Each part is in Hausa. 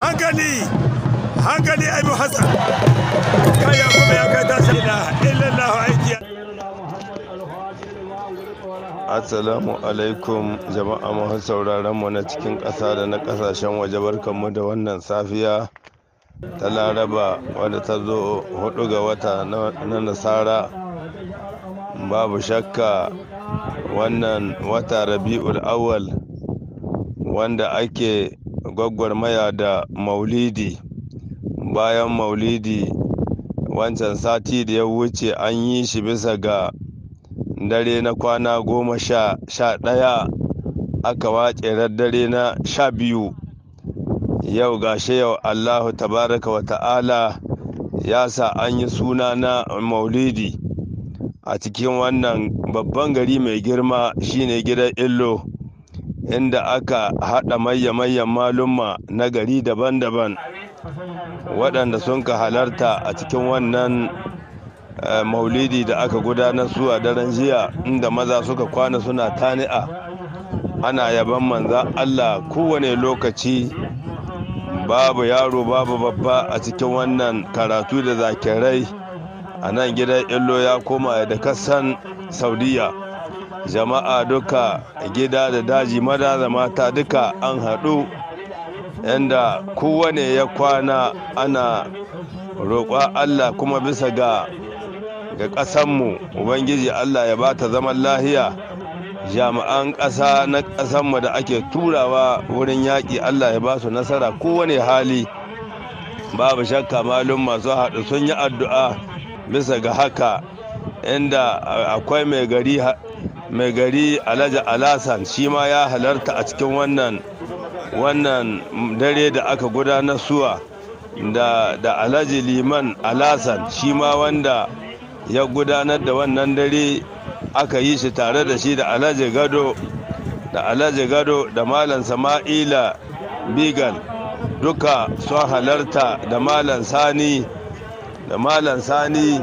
hankali hankali abu hassan kaya kuma ya kai tashi ila illallahu aiki Assalamu alaikum jama'a masu sauraron mu na cikin ƙasa da na ƙasashen waje barkanmu da wannan safiya ta laraba wadda ta zo hudu ga wata na nasara babu shakka wannan wata rabi'ul awal wanda ake gwagwarmaya da maulidi bayan maulidi wancan sati da ya wuce an yi shi bisa ga dare na kwana goma sha ɗaya aka waƙe dare na sha biyu yau gashe yau allahu tabaraka wa ta'ala ya sa an yi suna na maulidi a cikin wannan babban gari mai girma shine gidan illo inda aka haɗa mayya-mayyan malumma na gari daban-daban waɗanda sun ka halarta a cikin wannan eh, maulidi da aka gudanar su daren jiya inda maza suka kwana suna tani'a ana yaban manza allah kowane lokaci babu yaro babu babba a cikin wannan karatu da zakirai a nan gidan illo ya koma da kasan saudiya jama'a duka gida da daji maza da mata duka an haɗu yadda kowane ya kwana ana roƙon allah kuma bisa ga ga ƙasanmu ubangiji allah ya ba ta zaman lahiya jama'an ƙasa na ƙasanmu da ake turawa wurin yaƙi allah ya ba su nasara kowane hali babu shakka malum masu haɗu sun yi addu'a bisa ga haka inda akwai mai gari mai gari alhaji alasan shi ma ya halarta a cikin wannan wannan dare da aka gudanar suwa da, da alhaji liman alasan shi ma wanda ya gudanar da wannan dare aka yi shi tare da shi da alhaji gado da alhaji gado da malam sama'ila bigal duka sun halarta da malam sani da malam sani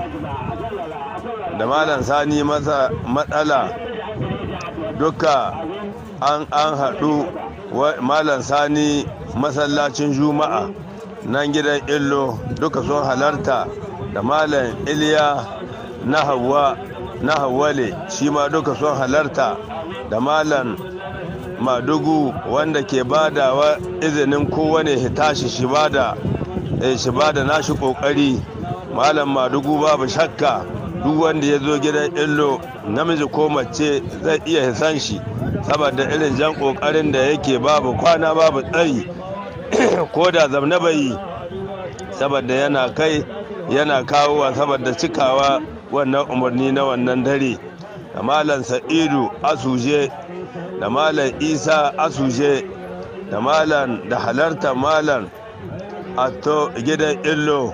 da malam sani matsala duka an an haɗu malam sani masallacin juma'a nan gidan illo duka sun halarta da malam iliya na hawa na hawale shi ma duka sun halarta da malam madugu wanda ke bada wa izinin kowane hitashi shi bada eh, shi bada nashi kokari malam madugu babu shakka duk wanda ya zo gidan illo namiji ko mace zai iya san shi saboda irin jan kokarin da yake babu kwana babu tsari ko da zamna bai yi saboda yana kai yana kawowa saboda cikawa wannan umarni na wannan dare da malam sa'idu asuje da malam isa asuje da malam da halarta malam ato gidan illo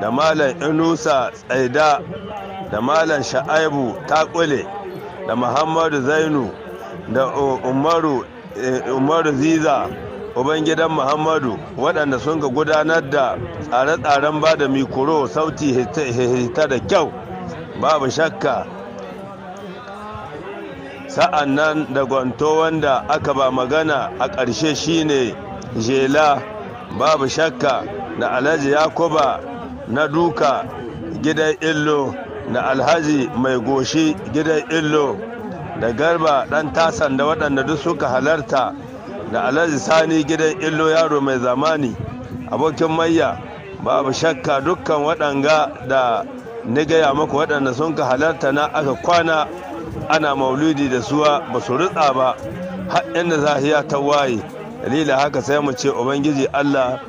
da malam inusa tsaida da malam sha'aibu kule da muhammadu zainu da eh, umaru ziza ubangidan muhammadu waɗanda sun ga gudanar da tsare-tsaren ba da mikoro sauti hita da kyau babu shakka sa'an nan da gwanto wanda aka ba magana a ƙarshe shine jela babu shakka da alhaji yakuba na duka gidan illo da alhaji mai goshi gidan illo da garba dan tasan da waɗanda duk suka halarta da alhaji sani gidan illo yaro mai zamani abokin mayya babu shakka dukkan waɗanga da ni gaya maku waɗanda sun ka halarta na aka kwana ana mauludi da suwa ba su rutsa ba har inda zahiya ta waye dalila haka sai mu ce ubangiji allah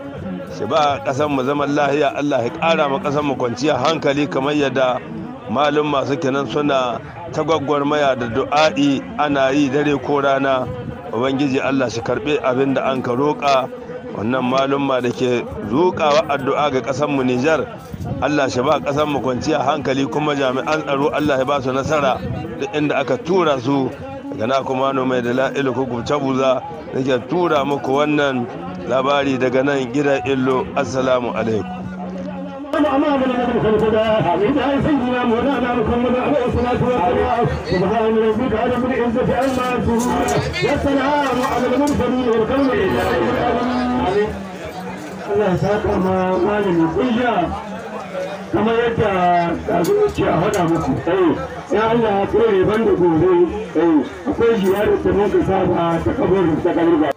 shi ba ƙasar mu zaman lahiya allah ya ƙara ma ƙasar mu kwanciya hankali kamar yadda malum masu kenan suna ta maya da du'a'i ana yi dare ko rana ubangiji allah shi karbe abin da an ka roƙa wannan ma da ke zuƙawa addu'a ga mu nijar allah shi ba mu kwanciya hankali kuma jami'an tsaro allah ya ba su nasara duk inda aka tura su daga na kuma mai da la'ilu ko kubce buza ke tura muku wannan labari daga nan gidan illo assalamu alaikum أمام العلم خلقنا حميدا سيدنا مولانا محمد عليه الصلاة والسلام سبحان ربك رب العزة عما يصفون والسلام على المرسلين والقوم Allah ya saka ma malami kunya kamar yadda ɗazu ce a faɗa muku ya Allah ya kore ban da gobe akwai ziyarar da muka saba ta kabarin ta kabarba